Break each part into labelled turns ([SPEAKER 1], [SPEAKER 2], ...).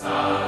[SPEAKER 1] Son.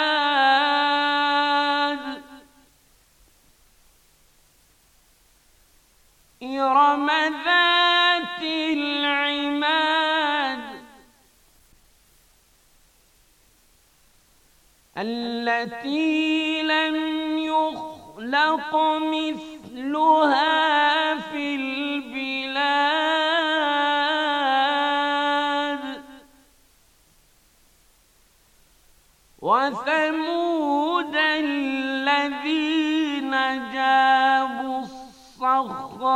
[SPEAKER 2] إرم ذات العماد التي لم يخلق مثلها في البلاد وثمود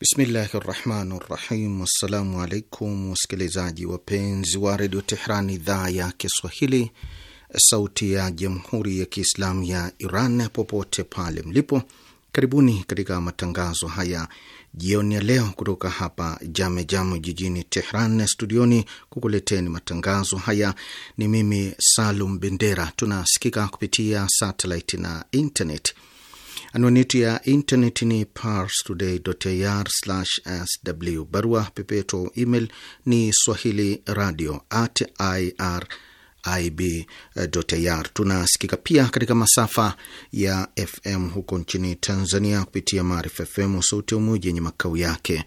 [SPEAKER 3] Bismillahi rahmani rahim. Wassalamu alaikum wasikilizaji wapenzi wa redio Tehran, idhaa ya Kiswahili, sauti ya jamhuri ya kiislamu ya Iran, popote pale mlipo, karibuni katika matangazo haya jioni ya leo kutoka hapa jame jamu jijini Tehran studioni kukuleteni matangazo haya. Ni mimi Salum Bendera. Tunasikika kupitia satelit na internet. Anwani yetu ya intaneti ni parstoday.ir/sw. Barua pepeto email ni swahili radio at irib.ir. Tunasikika pia katika masafa ya FM huko nchini Tanzania kupitia Maarifa FM Sauti ya Umoja yenye makao yake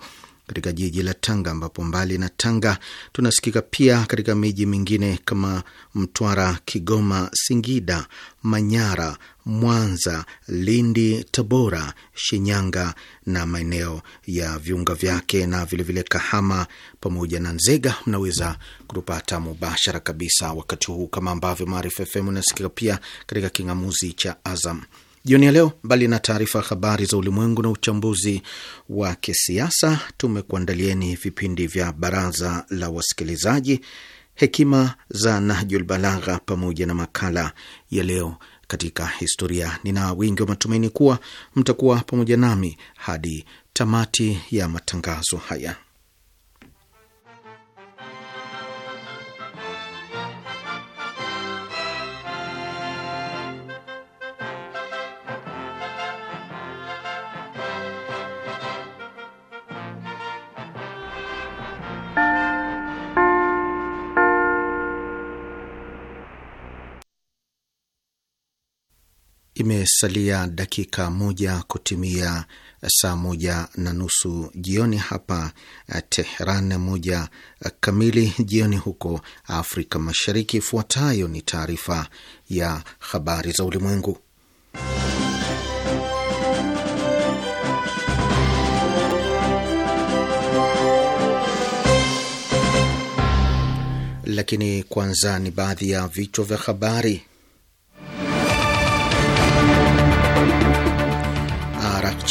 [SPEAKER 3] katika jiji la Tanga, ambapo mbali na Tanga tunasikika pia katika miji mingine kama Mtwara, Kigoma, Singida, Manyara, Mwanza, Lindi, Tabora, Shinyanga na maeneo ya viunga vyake na vilevile vile Kahama pamoja na Nzega. Mnaweza kutupata mubashara kabisa wakati huu, kama ambavyo Maarifa FM inasikika pia katika kingamuzi cha Azam Jioni ya leo, mbali na taarifa ya habari za ulimwengu na uchambuzi wa kisiasa, tumekuandalieni vipindi vya baraza la wasikilizaji, hekima za Nahjul Balagha pamoja na makala ya leo katika historia. Nina wingi wa matumaini kuwa mtakuwa pamoja nami hadi tamati ya matangazo haya. Imesalia dakika moja kutimia saa moja na nusu jioni hapa eh, Tehran, moja eh, kamili jioni huko Afrika Mashariki. Ifuatayo ni taarifa ya habari za ulimwengu, lakini kwanza ni baadhi ya vichwa vya habari.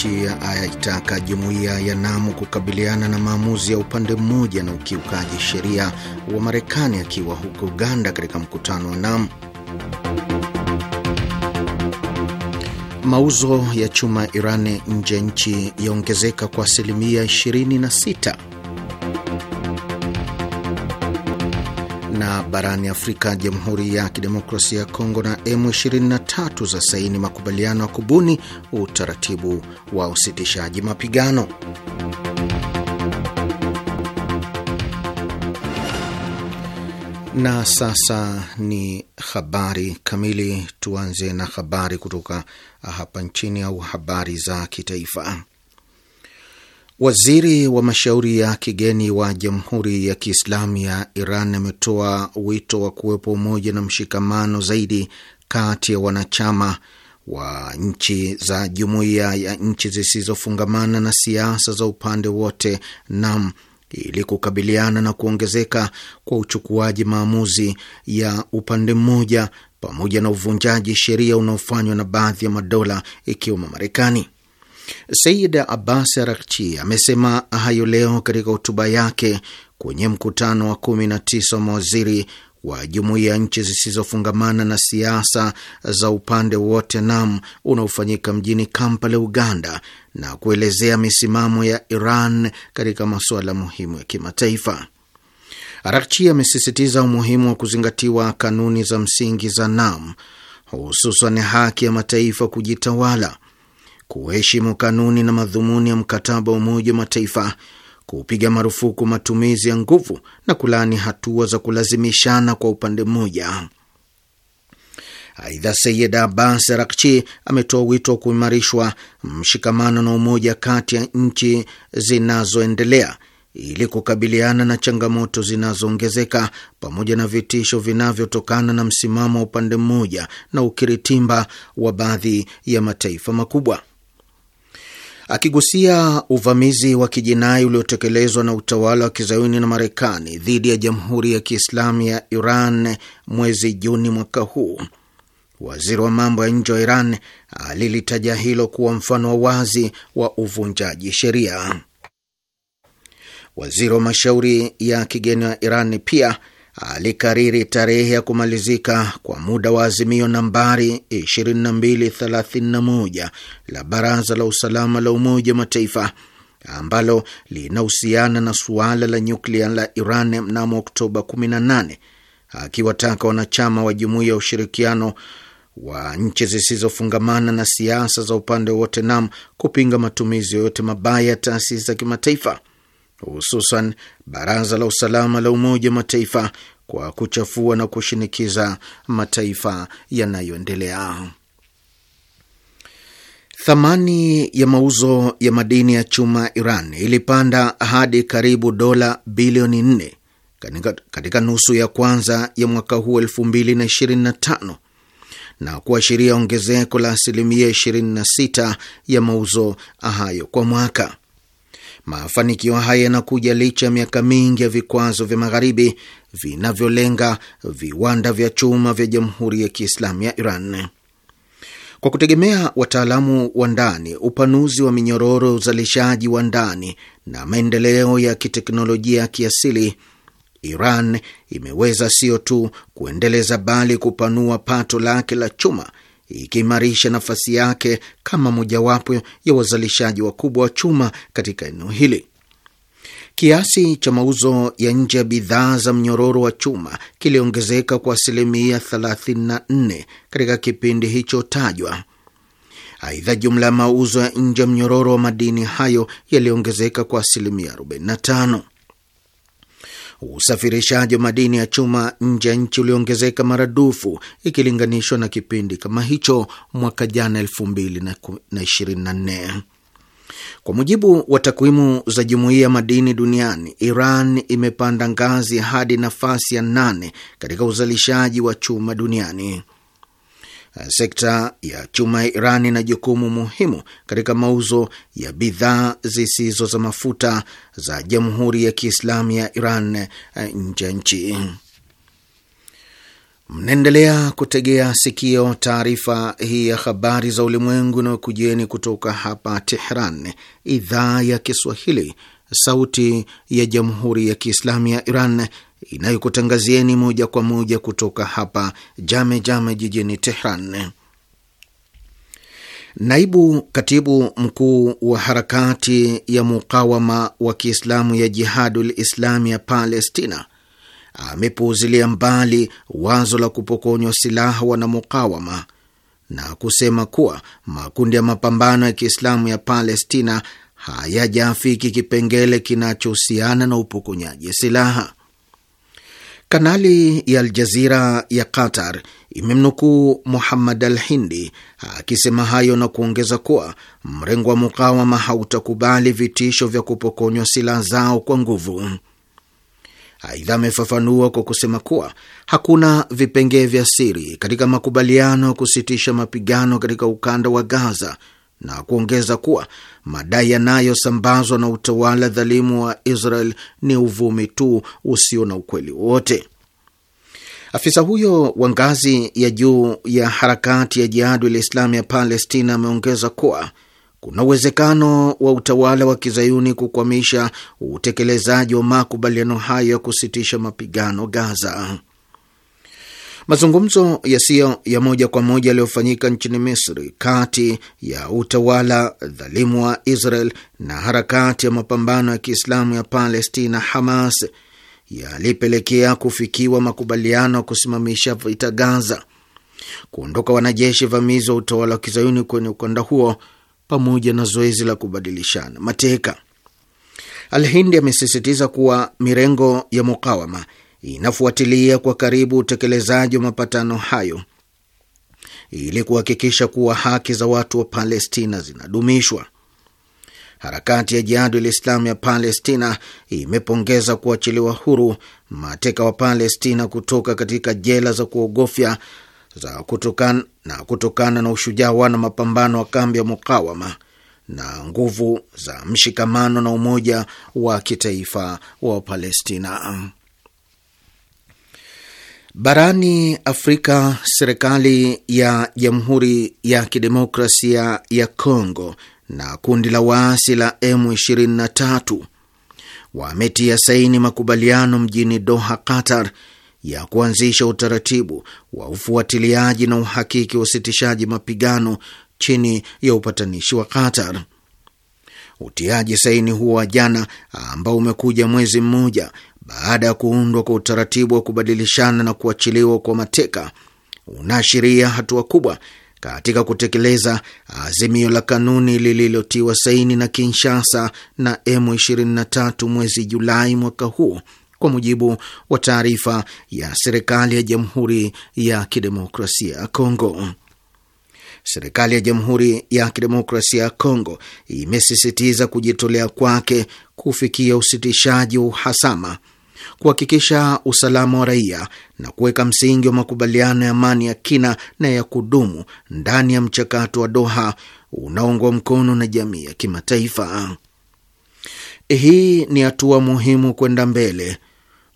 [SPEAKER 3] nchi ayaitaka jumuiya ya Namu kukabiliana na maamuzi ya upande mmoja na ukiukaji sheria wa Marekani akiwa huko Uganda katika mkutano wa Namu. Mauzo ya chuma Irani nje ya nchi yaongezeka kwa asilimia 26. Na barani Afrika, Jamhuri ya Kidemokrasia ya Kongo na M23 za saini makubaliano ya kubuni utaratibu wa usitishaji mapigano. Na sasa ni habari kamili. Tuanze na habari kutoka hapa nchini au habari za kitaifa. Waziri wa mashauri ya kigeni wa Jamhuri ya Kiislamu ya Iran ametoa wito wa kuwepo umoja na mshikamano zaidi kati ya wanachama wa nchi za jumuiya ya nchi zisizofungamana na siasa za upande wote nam ili kukabiliana na kuongezeka kwa uchukuaji maamuzi ya upande mmoja pamoja na uvunjaji sheria unaofanywa na baadhi ya madola ikiwemo Marekani. Said Abbas Arakchi amesema hayo leo katika hotuba yake kwenye mkutano wa 19 wa mawaziri wa jumuiya ya nchi zisizofungamana na siasa za upande wote NAM unaofanyika mjini Kampala, Uganda, na kuelezea misimamo ya Iran katika masuala muhimu ya kimataifa. Arakchi amesisitiza umuhimu wa kuzingatiwa kanuni za msingi za NAM, hususan haki ya mataifa kujitawala kuheshimu kanuni na madhumuni ya mkataba wa Umoja wa Mataifa, kupiga marufuku matumizi ya nguvu na kulaani hatua za kulazimishana kwa upande mmoja. Aidha, Sayid Abbas rakchi ametoa wito wa kuimarishwa mshikamano na umoja kati ya nchi zinazoendelea ili kukabiliana na changamoto zinazoongezeka pamoja na vitisho vinavyotokana na msimamo wa upande mmoja na ukiritimba wa baadhi ya mataifa makubwa. Akigusia uvamizi wa kijinai uliotekelezwa na utawala wa kizayuni na Marekani dhidi ya Jamhuri ya Kiislamu ya Iran mwezi Juni mwaka huu, waziri wa mambo ya nje wa Iran alilitaja hilo kuwa mfano wa wazi wa uvunjaji sheria. Waziri wa mashauri ya kigeni wa Iran pia alikariri tarehe ya kumalizika kwa muda wa azimio nambari 2231 la Baraza la Usalama la Umoja wa Mataifa ambalo linahusiana na suala la nyuklia la Iran mnamo Oktoba 18 akiwataka wanachama wa Jumuiya ya Ushirikiano wa nchi zisizofungamana na siasa za upande wote NAM kupinga matumizi yoyote mabaya ya taasisi za kimataifa hususan Baraza la Usalama la Umoja wa Mataifa kwa kuchafua na kushinikiza mataifa yanayoendelea. Thamani ya mauzo ya madini ya chuma Iran ilipanda hadi karibu dola bilioni 4 katika, katika nusu ya kwanza ya mwaka huu 2025 na kuashiria ongezeko la asilimia 26 ya mauzo hayo kwa mwaka. Mafanikio haya yanakuja licha ya miaka mingi ya vikwazo vya Magharibi vinavyolenga viwanda vya chuma vya Jamhuri ya Kiislamu ya Iran. Kwa kutegemea wataalamu wa ndani, upanuzi wa minyororo ya uzalishaji wa ndani na maendeleo ya kiteknolojia ya kiasili, Iran imeweza sio tu kuendeleza bali kupanua pato lake la chuma ikiimarisha nafasi yake kama mojawapo ya wazalishaji wakubwa wa chuma katika eneo hili. Kiasi cha mauzo ya nje ya bidhaa za mnyororo wa chuma kiliongezeka kwa asilimia 34 katika kipindi hicho tajwa. Aidha, jumla ya mauzo ya nje ya mnyororo wa madini hayo yaliongezeka kwa asilimia 45 usafirishaji wa madini ya chuma nje ya nchi uliongezeka maradufu ikilinganishwa na kipindi kama hicho mwaka jana nne. Kwa mujibu wa takwimu za jumuiya madini duniani, Iran imepanda ngazi hadi nafasi ya nane katika uzalishaji wa chuma duniani. Eh, sekta ya chuma ya Iran ina jukumu muhimu katika mauzo ya bidhaa zisizo za mafuta za Jamhuri ya Kiislamu ya Iran eh, nje ya nchi. Mnaendelea kutegea sikio taarifa hii ya habari za ulimwengu inayokujieni kutoka hapa Tehran, idhaa ya Kiswahili, sauti ya Jamhuri ya Kiislamu ya Iran inayokutangazieni moja kwa moja kutoka hapa Jame Jame jijini Tehran. Naibu katibu mkuu wa harakati ya mukawama wa Kiislamu ya Jihadul Islami ya Palestina amepuuzilia mbali wazo la kupokonywa silaha wanamukawama na kusema kuwa makundi ya mapambano ya Kiislamu ya Palestina hayajafiki kipengele kinachohusiana na upokonyaji silaha. Kanali ya Aljazira ya Qatar imemnukuu Muhammad al Hindi akisema hayo na kuongeza kuwa mrengo wa mukawama hautakubali vitisho vya kupokonywa silaha zao kwa nguvu. Aidha, amefafanua kwa kusema kuwa hakuna vipengee vya siri katika makubaliano ya kusitisha mapigano katika ukanda wa Gaza na kuongeza kuwa madai yanayosambazwa na utawala dhalimu wa Israel ni uvumi tu usio na ukweli wote. Afisa huyo wa ngazi ya juu ya harakati ya jihadu la islamu ya Palestina ameongeza kuwa kuna uwezekano wa utawala wa kizayuni kukwamisha utekelezaji wa makubaliano hayo ya kusitisha mapigano Gaza. Mazungumzo yasiyo ya moja kwa moja yaliyofanyika nchini Misri kati ya utawala dhalimu wa Israel na harakati ya mapambano ya Kiislamu ya Palestina, Hamas, yalipelekea kufikiwa makubaliano ya kusimamisha vita Gaza, kuondoka wanajeshi vamizi wa utawala wa kizayuni kwenye ukanda huo, pamoja na zoezi la kubadilishana mateka. Alhindi amesisitiza kuwa mirengo ya mukawama inafuatilia kwa karibu utekelezaji wa mapatano hayo ili kuhakikisha kuwa haki za watu wa Palestina zinadumishwa. Harakati ya Jihadul Islamu ya Palestina imepongeza kuachiliwa huru mateka wa Palestina kutoka katika jela za kuogofya za kutokan, na kutokana na ushujaa wana mapambano wa kambi ya mukawama na nguvu za mshikamano na umoja wa kitaifa wa Palestina. Barani Afrika, serikali ya Jamhuri ya Kidemokrasia ya congo na kundi la waasi la M23 wametia saini makubaliano mjini Doha, Qatar, ya kuanzisha utaratibu wa ufuatiliaji na uhakiki wa usitishaji mapigano chini ya upatanishi wa Qatar. Utiaji saini huo wa jana ambao umekuja mwezi mmoja baada ya kuundwa kwa utaratibu wa kubadilishana na kuachiliwa kwa mateka unaashiria hatua kubwa katika kutekeleza azimio la kanuni lililotiwa saini na Kinshasa na M23 mwezi Julai mwaka huu, kwa mujibu wa taarifa ya serikali ya Jamhuri ya Kidemokrasia ya Kongo. Serikali ya Jamhuri ya Kidemokrasia ya Kongo imesisitiza kujitolea kwake kufikia usitishaji wa uhasama, kuhakikisha usalama wa raia na kuweka msingi wa makubaliano ya amani ya kina na ya kudumu ndani ya mchakato wa Doha unaoungwa mkono na jamii ya kimataifa. Hii ni hatua muhimu kwenda mbele.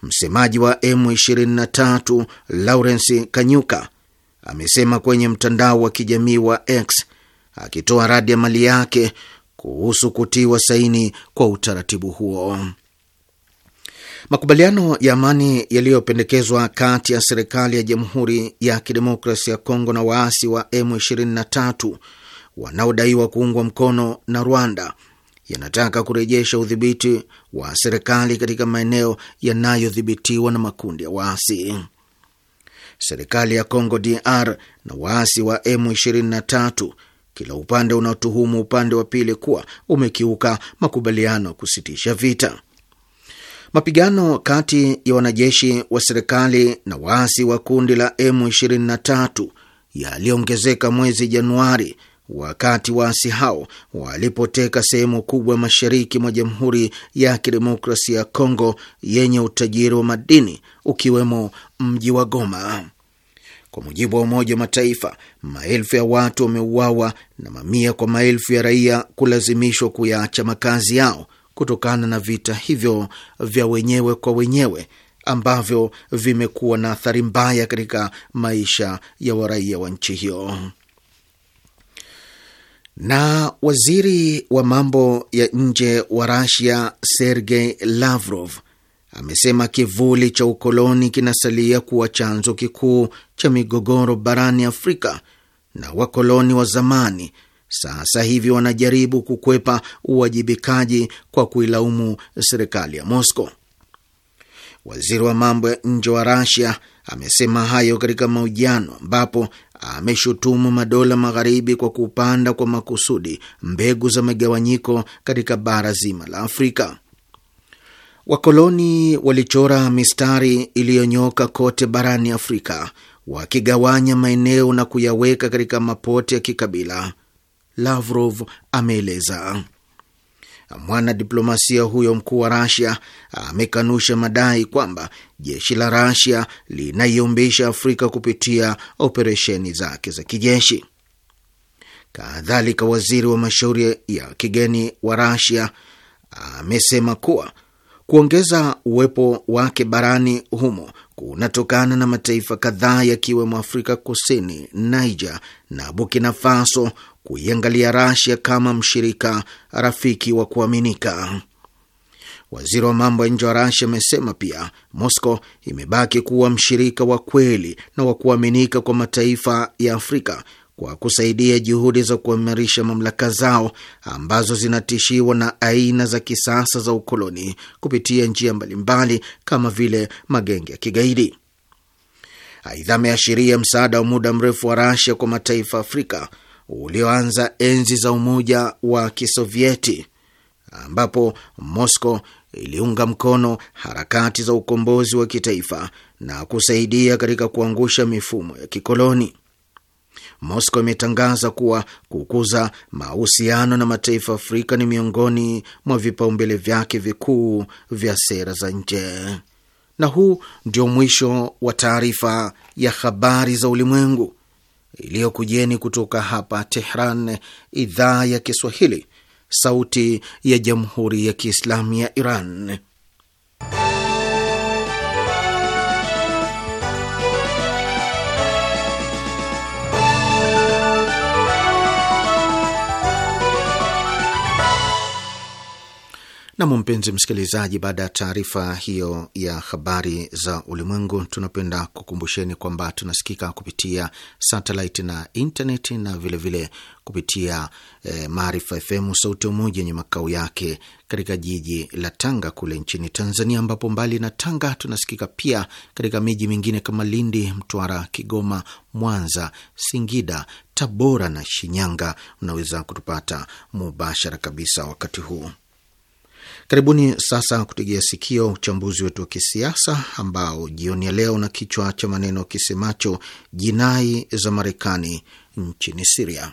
[SPEAKER 3] Msemaji wa M23 Lawrence Kanyuka amesema kwenye mtandao wa kijamii wa X akitoa radi ya mali yake kuhusu kutiwa saini kwa utaratibu huo. Makubaliano ya amani yaliyopendekezwa kati ya serikali ya Jamhuri ya Kidemokrasia ya Kongo na waasi wa M23 wanaodaiwa kuungwa mkono na Rwanda yanataka kurejesha udhibiti wa serikali katika maeneo yanayodhibitiwa na makundi ya waasi serikali ya Congo DR na waasi wa M23, kila upande unaotuhumu upande wa pili kuwa umekiuka makubaliano ya kusitisha vita. Mapigano kati ya wanajeshi wa serikali na waasi wa kundi la M23 yaliongezeka mwezi Januari wakati waasi hao walipoteka sehemu kubwa mashariki mwa Jamhuri ya Kidemokrasia ya Kongo yenye utajiri wa madini ukiwemo mji wa Goma. Kwa mujibu wa Umoja wa Mataifa, maelfu ya watu wameuawa na mamia kwa maelfu ya raia kulazimishwa kuyaacha makazi yao kutokana na vita hivyo vya wenyewe kwa wenyewe ambavyo vimekuwa na athari mbaya katika maisha ya waraia wa nchi hiyo. Na waziri wa mambo ya nje wa Rasia Sergei Lavrov amesema kivuli cha ukoloni kinasalia kuwa chanzo kikuu cha migogoro barani Afrika, na wakoloni wa zamani sasa hivi wanajaribu kukwepa uwajibikaji kwa kuilaumu serikali ya Moscow. Waziri wa mambo ya nje wa Rasia amesema hayo katika mahojiano ambapo ameshutumu madola magharibi kwa kupanda kwa makusudi mbegu za migawanyiko katika bara zima la Afrika. Wakoloni walichora mistari iliyonyoka kote barani Afrika, wakigawanya maeneo na kuyaweka katika mapote ya kikabila, Lavrov ameeleza. Mwanadiplomasia huyo mkuu wa Rasia amekanusha madai kwamba jeshi la Rasia linaiumbisha Afrika kupitia operesheni zake za kijeshi. Kadhalika, waziri wa mashauri ya kigeni wa Rasia amesema kuwa kuongeza uwepo wake barani humo kunatokana na mataifa kadhaa yakiwemo Afrika Kusini, Niger na Burkina Faso kuiangalia Rasia kama mshirika rafiki wa kuaminika. Waziri wa mambo ya nje wa Rasia amesema pia Moscow imebaki kuwa mshirika wa kweli na wa kuaminika kwa mataifa ya Afrika kwa kusaidia juhudi za kuimarisha mamlaka zao ambazo zinatishiwa na aina za kisasa za ukoloni kupitia njia mbalimbali kama vile magenge ya kigaidi. Aidha, ameashiria msaada wa muda mrefu wa Rasia kwa mataifa Afrika ulioanza enzi za Umoja wa Kisovieti, ambapo Moscow iliunga mkono harakati za ukombozi wa kitaifa na kusaidia katika kuangusha mifumo ya kikoloni. Moscow imetangaza kuwa kukuza mahusiano na mataifa Afrika ni miongoni mwa vipaumbele vyake vikuu vya sera za nje. Na huu ndio mwisho wa taarifa ya habari za ulimwengu iliyokujeni kutoka hapa Tehran, idhaa ya Kiswahili, sauti ya jamhuri ya kiislamu ya Iran. Nam, mpenzi msikilizaji, baada ya taarifa hiyo ya habari za ulimwengu, tunapenda kukumbusheni kwamba tunasikika kupitia satelit na intaneti na vilevile vile kupitia eh, Maarifa FM Sauti ya Umoja yenye makao yake katika jiji la Tanga kule nchini Tanzania, ambapo mbali na Tanga tunasikika pia katika miji mingine kama Lindi, Mtwara, Kigoma, Mwanza, Singida, Tabora na Shinyanga. unaweza kutupata mubashara kabisa wakati huu Karibuni sasa kutegea sikio uchambuzi wetu wa kisiasa ambao jioni ya leo na kichwa cha maneno kisemacho jinai za Marekani nchini Siria.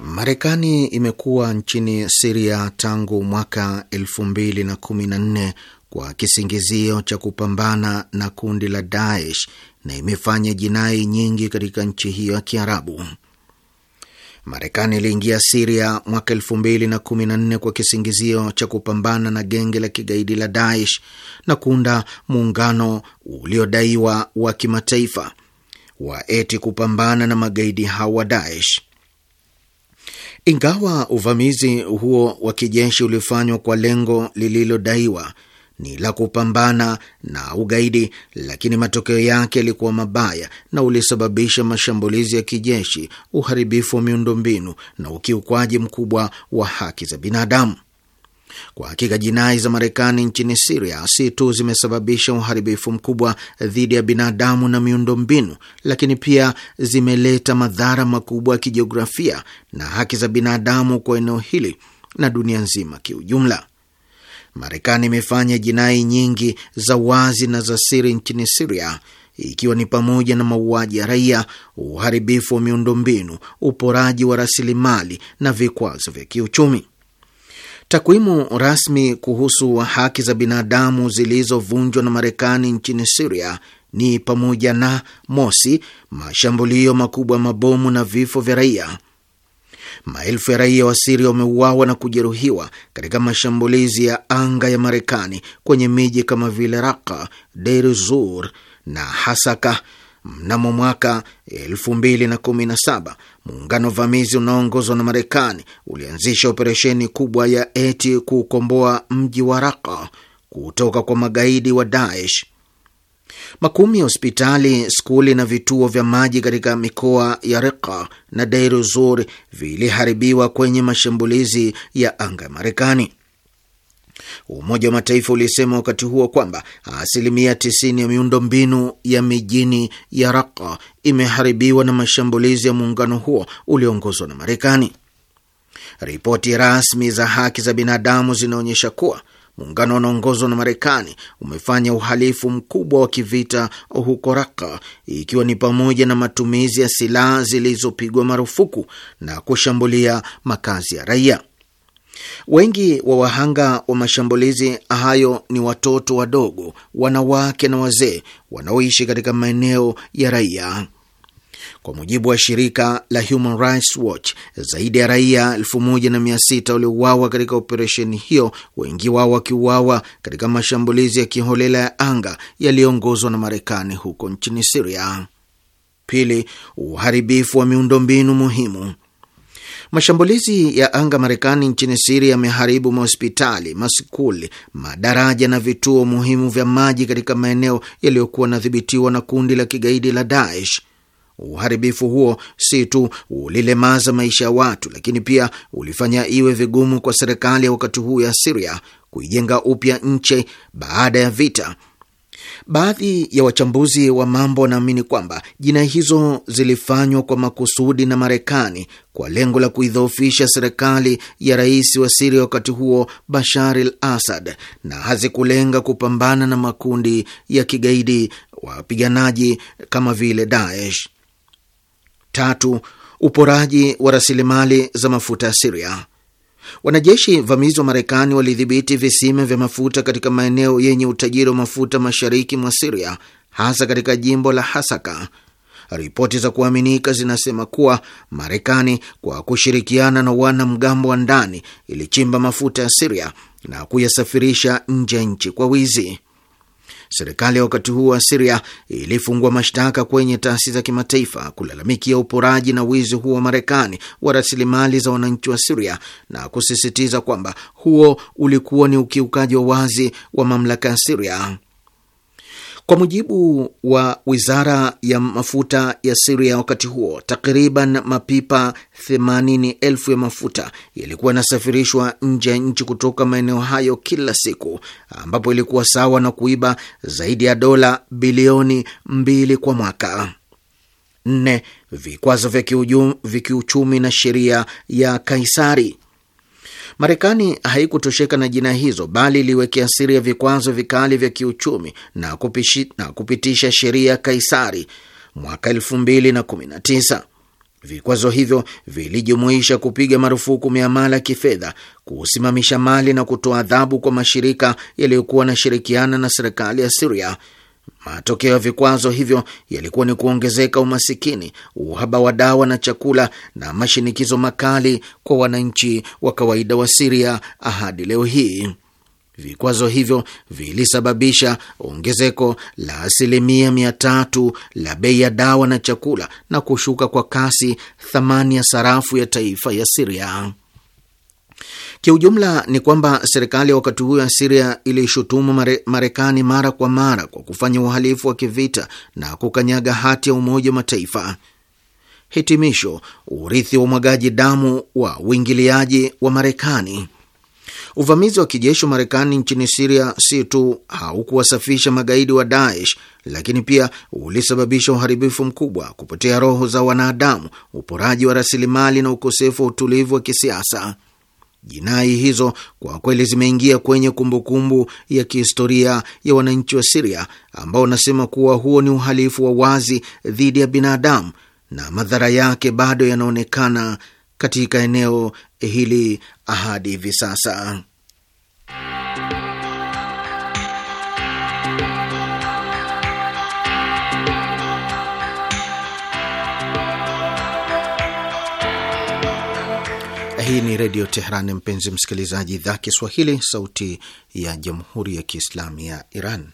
[SPEAKER 3] Marekani imekuwa nchini Siria tangu mwaka 2014 kwa kisingizio cha kupambana na kundi la Daesh na imefanya jinai nyingi katika nchi hiyo ya Kiarabu. Marekani iliingia Siria mwaka elfu mbili na kumi na nne kwa kisingizio cha kupambana na genge la kigaidi la Daesh na kuunda muungano uliodaiwa wa kimataifa wa eti kupambana na magaidi hao wa Daesh. Ingawa uvamizi huo wa kijeshi ulifanywa kwa lengo lililodaiwa, ni la kupambana na ugaidi, lakini matokeo yake yalikuwa mabaya na ulisababisha mashambulizi ya kijeshi, uharibifu wa miundombinu na ukiukwaji mkubwa wa haki za binadamu. Kwa hakika jinai za Marekani nchini Siria si tu zimesababisha uharibifu mkubwa dhidi ya binadamu na miundombinu, lakini pia zimeleta madhara makubwa ya kijiografia na haki za binadamu kwa eneo hili na dunia nzima kiujumla. Marekani imefanya jinai nyingi za wazi na za siri nchini Siria, ikiwa ni pamoja na mauaji ya raia, uharibifu wa miundombinu, uporaji wa rasilimali na vikwazo vya kiuchumi. Takwimu rasmi kuhusu haki za binadamu zilizovunjwa na Marekani nchini Siria ni pamoja na mosi, mashambulio makubwa ya mabomu na vifo vya raia; maelfu ya raia wa Siria wameuawa na kujeruhiwa katika mashambulizi ya anga ya Marekani kwenye miji kama vile Raka, Deir Zur na Hasaka. Mnamo mwaka 2017 muungano vamizi unaoongozwa na Marekani ulianzisha operesheni kubwa ya eti kuukomboa mji wa Raka kutoka kwa magaidi wa Daesh. Makumi ya hospitali, skuli na vituo vya maji katika mikoa ya Riqa na Deir Zur viliharibiwa kwenye mashambulizi ya anga ya Marekani. Umoja wa Mataifa ulisema wakati huo kwamba asilimia 90 ya miundo mbinu ya mijini ya Raqa imeharibiwa na mashambulizi ya muungano huo ulioongozwa na Marekani. Ripoti rasmi za haki za binadamu zinaonyesha kuwa Muungano unaongozwa na Marekani umefanya uhalifu mkubwa wa kivita huko Raka, ikiwa ni pamoja na matumizi ya silaha zilizopigwa marufuku na kushambulia makazi ya raia. Wengi wa wahanga wa mashambulizi hayo ni watoto wadogo, wanawake na wazee wanaoishi katika maeneo ya raia. Kwa mujibu wa shirika la Human Rights Watch, zaidi ya raia 1600 waliuawa katika operesheni hiyo, wengi wao wakiuawa katika mashambulizi ya kiholela ya anga yaliyoongozwa na Marekani huko nchini Siria. Pili, uharibifu wa miundombinu muhimu. Mashambulizi ya anga Marekani nchini Siria yameharibu mahospitali, maskuli, madaraja na vituo muhimu vya maji katika maeneo yaliyokuwa yanadhibitiwa na kundi la kigaidi la Daesh. Uharibifu huo si tu ulilemaza maisha ya watu, lakini pia ulifanya iwe vigumu kwa serikali ya wakati huu ya Siria kuijenga upya nchi baada ya vita. Baadhi ya wachambuzi wa mambo wanaamini kwamba jinai hizo zilifanywa kwa makusudi na Marekani kwa lengo la kuidhoofisha serikali ya rais wa Siria wakati huo Bashar al Assad, na hazikulenga kupambana na makundi ya kigaidi wapiganaji kama vile Daesh. Tatu, uporaji wa rasilimali za mafuta ya Siria. Wanajeshi vamizi wa Marekani walidhibiti visima vya mafuta katika maeneo yenye utajiri wa mafuta mashariki mwa Siria, hasa katika jimbo la Hasaka. Ripoti za kuaminika zinasema kuwa Marekani kwa kushirikiana na wanamgambo wa ndani ilichimba mafuta ya Siria na kuyasafirisha nje ya nchi kwa wizi. Serikali ya wakati huo wa Siria ilifungua mashtaka kwenye taasisi za kimataifa kulalamikia uporaji na wizi huo wa Marekani wa rasilimali za wananchi wa Siria na kusisitiza kwamba huo ulikuwa ni ukiukaji wa wazi wa mamlaka ya Siria. Kwa mujibu wa wizara ya mafuta ya Siria, wakati huo takriban mapipa themanini ya mafuta yalikuwa yanasafirishwa nje ya nchi kutoka maeneo hayo kila siku, ambapo ilikuwa sawa na kuiba zaidi ya dola bilioni mbili kwa mwaka. Nne, vikwazo vya kiuchumi na sheria ya Kaisari. Marekani haikutosheka na jina hizo, bali iliwekea siri ya vikwazo vikali vya kiuchumi na, kupishi, na kupitisha sheria ya Kaisari mwaka 2019. Vikwazo hivyo vilijumuisha kupiga marufuku miamala ya kifedha, kusimamisha mali na kutoa adhabu kwa mashirika yaliyokuwa shirikiana na serikali ya Siria Matokeo ya vikwazo hivyo yalikuwa ni kuongezeka umasikini, uhaba wa dawa na chakula, na mashinikizo makali kwa wananchi wa kawaida wa Siria hadi leo hii. Vikwazo hivyo vilisababisha ongezeko la asilimia mia tatu la bei ya dawa na chakula na kushuka kwa kasi thamani ya sarafu ya taifa ya Siria. Kiujumla ni kwamba serikali ya wakati huo ya Siria iliishutumu mare, Marekani mara kwa mara kwa kufanya uhalifu wa kivita na kukanyaga hati ya Umoja wa Mataifa. Hitimisho: urithi wa umwagaji damu wa uingiliaji wa Marekani. Uvamizi wa kijeshi wa Marekani nchini Siria si tu haukuwasafisha magaidi wa Daesh, lakini pia ulisababisha uharibifu mkubwa, kupotea roho za wanadamu, uporaji wa rasilimali na ukosefu wa utulivu wa kisiasa. Jinai hizo kwa kweli zimeingia kwenye kumbukumbu ya kihistoria ya wananchi wa Siria ambao wanasema kuwa huo ni uhalifu wa wazi dhidi ya binadamu na madhara yake bado yanaonekana katika eneo hili hadi hivi sasa. Hii ni Redio Teheran, mpenzi msikilizaji, idhaa Kiswahili, sauti ya Jamhuri ya Kiislamu ya Iran.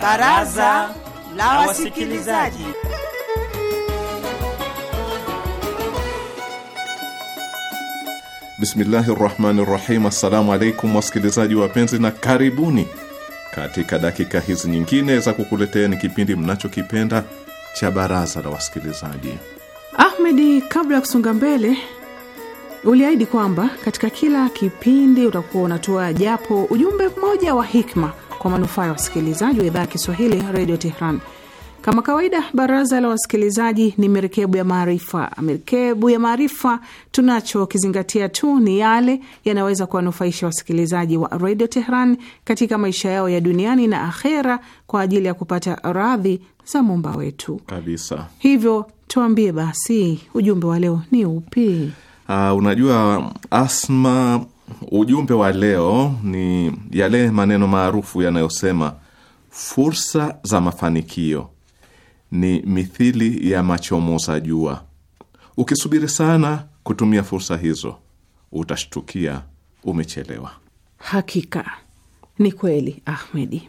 [SPEAKER 4] Baraza la Wasikilizaji.
[SPEAKER 5] Bismillahi rahmani rahim. Assalamu alaikum wasikilizaji wapenzi, na karibuni katika dakika hizi nyingine za kukuleteeni kipindi mnachokipenda cha baraza la wasikilizaji.
[SPEAKER 4] Ahmedi, kabla ya kusonga mbele, uliahidi kwamba katika kila kipindi utakuwa unatoa japo ujumbe mmoja wa hikma kwa manufaa ya wasikilizaji wa idhaa ya Kiswahili, Redio Tehran. Kama kawaida, baraza la wasikilizaji ni merikebu ya maarifa. Merikebu ya maarifa, tunachokizingatia tu ni yale yanaweza kuwanufaisha wasikilizaji wa redio Tehran katika maisha yao ya duniani na akhera, kwa ajili ya kupata radhi za mumba wetu
[SPEAKER 5] kabisa.
[SPEAKER 4] Hivyo tuambie basi, ujumbe wa leo ni upi?
[SPEAKER 5] Uh, unajua Asma, ujumbe wa leo ni yale maneno maarufu yanayosema fursa za mafanikio ni mithili ya machomoza jua. Ukisubiri sana kutumia fursa hizo, utashtukia umechelewa.
[SPEAKER 4] Hakika ni kweli, Ahmedi.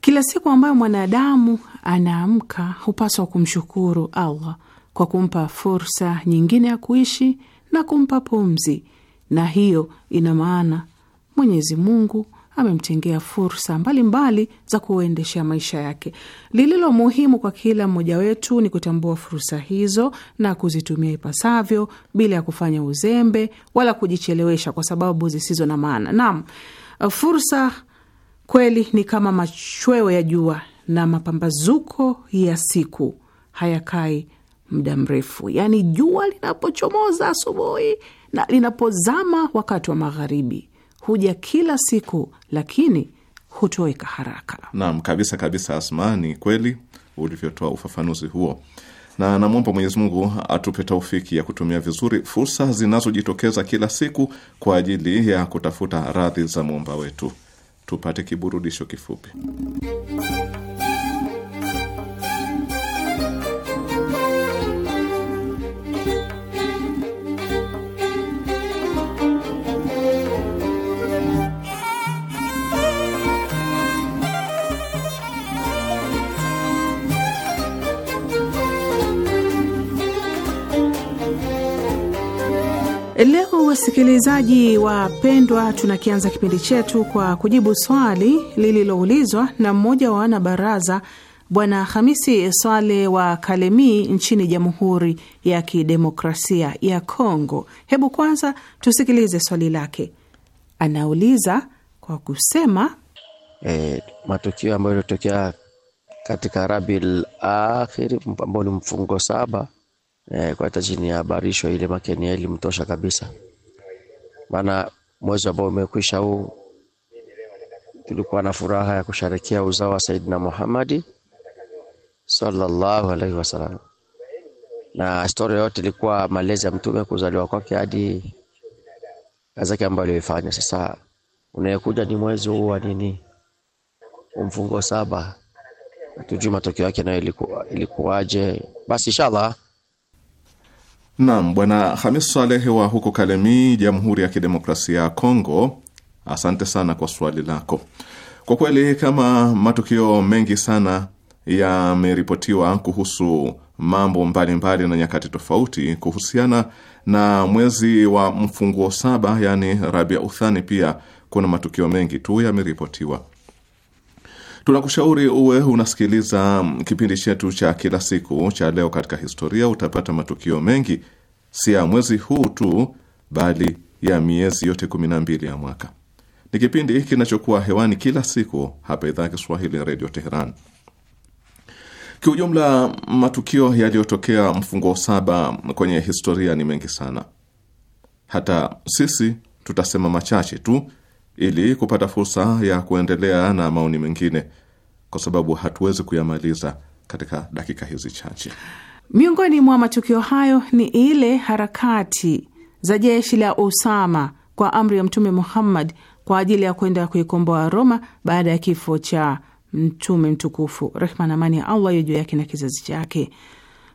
[SPEAKER 4] Kila siku ambayo mwanadamu anaamka hupaswa kumshukuru Allah kwa kumpa fursa nyingine ya kuishi na kumpa pumzi, na hiyo ina maana Mwenyezi Mungu amemtengea fursa mbalimbali mbali za kuendeshea maisha yake. Lililo muhimu kwa kila mmoja wetu ni kutambua fursa hizo na kuzitumia ipasavyo bila ya kufanya uzembe wala kujichelewesha kwa sababu zisizo na maana. Naam, fursa kweli ni kama machweo ya jua na mapambazuko ya siku hayakai muda mrefu. Yaani, jua linapochomoza asubuhi na linapozama wakati wa magharibi, huja kila siku, lakini hutoweka haraka.
[SPEAKER 5] Naam, kabisa kabisa, Asmani, kweli ulivyotoa ufafanuzi huo, na namwomba Mwenyezi Mungu atupe taufiki ya kutumia vizuri fursa zinazojitokeza kila siku kwa ajili ya kutafuta radhi za muumba wetu. Tupate kiburudisho kifupi.
[SPEAKER 4] Leo wasikilizaji wapendwa, tunakianza kipindi chetu kwa kujibu swali lililoulizwa na mmoja wa wanabaraza Bwana Hamisi Swale wa Kalemi nchini Jamhuri ya Kidemokrasia ya Kongo. Hebu kwanza tusikilize swali lake. Anauliza kwa kusema
[SPEAKER 3] e, matukio ambayo yalitokea katika Rabiul Akhir ambao ni mfungo saba eh, kwa hata ni ya habarisho ile makenia ilimtosha kabisa, maana mwezi ambao umekwisha huu tulikuwa na furaha ya kusherekea uzao wa Saidina Muhammad sallallahu alaihi wasallam, na story yote ilikuwa malezi ya mtume kuzaliwa kwake hadi kazi yake ambayo alifanya. Sasa unayekuja ni mwezi huu wa nini, umfungo saba, hatujui
[SPEAKER 5] matokeo yake nayo ilikuwaje. Basi inshallah Naam, Bwana Hamis Saleh wa huko Kalemi, Jamhuri ya Kidemokrasia ya Kongo, asante sana kwa swali lako. Kwa kweli kama matukio mengi sana yameripotiwa kuhusu mambo mbalimbali mbali na nyakati tofauti kuhusiana na mwezi wa mfunguo saba, yaani Rabia Uthani, pia kuna matukio mengi tu yameripotiwa. Tunakushauri uwe unasikiliza mm, kipindi chetu cha kila siku cha leo katika historia. Utapata matukio mengi, si ya mwezi huu tu, bali ya miezi yote kumi na mbili ya mwaka. Ni kipindi hiki kinachokuwa hewani kila siku hapa idhaa ya Kiswahili ya redio Teheran. Kiujumla, matukio yaliyotokea mfungo saba kwenye historia ni mengi sana. Hata sisi tutasema machache tu ili kupata fursa ya kuendelea na maoni mengine kwa sababu hatuwezi kuyamaliza katika dakika hizi chache.
[SPEAKER 4] Miongoni mwa matukio hayo ni ile harakati za jeshi la Usama kwa amri ya Mtume Muhammad kwa ajili ya kwenda kuikomboa Roma baada ya kifo cha Mtume mtukufu, rehma na amani ya Allah iwe juu yake na kizazi chake.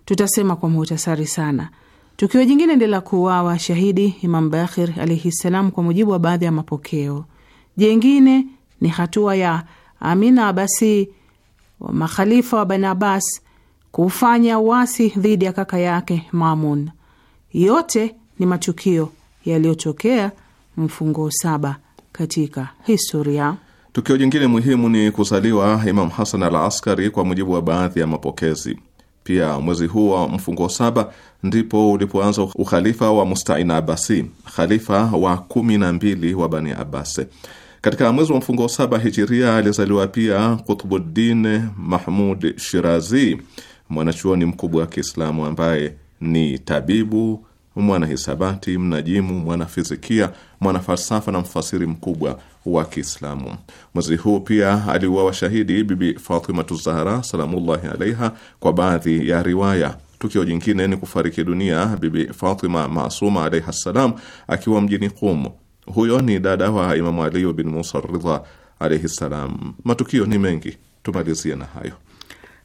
[SPEAKER 4] Tutasema kwa muhtasari sana. Tukio jingine ndi la kuuawa shahidi Imam Bakir alaihi ssalam, kwa mujibu wa baadhi ya mapokeo. Jengine ni hatua ya Amina Abasi makhalifa wa Bani Abbas kufanya uasi dhidi ya kaka yake Mamun. Yote ni matukio yaliyotokea mfungo saba katika historia.
[SPEAKER 5] Tukio jingine muhimu ni kuzaliwa Imam Hasan al Askari kwa mujibu wa baadhi ya mapokezi. Pia mwezi huu wa mfungo saba ndipo ulipoanza ukhalifa wa Mustaina Abasi, khalifa wa kumi na mbili wa Bani Abasi. Katika mwezi wa mfungo saba hijiria alizaliwa pia Kutbuddin Mahmud Shirazi, mwanachuoni mkubwa wa Kiislamu ambaye ni tabibu, mwanahisabati, mnajimu, mwanafizikia, mwanafalsafa na mfasiri mkubwa wa Kiislamu. Mwezi huu pia aliuawa shahidi Bibi Fatimatu Zahra salamullahi alaiha kwa baadhi ya riwaya. Tukio jingine ni kufariki dunia Bibi Fatima Masuma alaihi ssalam akiwa mjini Qum huyo ni dada wa Imamu Aliyu bin Musa Ridha alaihi salam. Matukio ni mengi, tumalizie na hayo.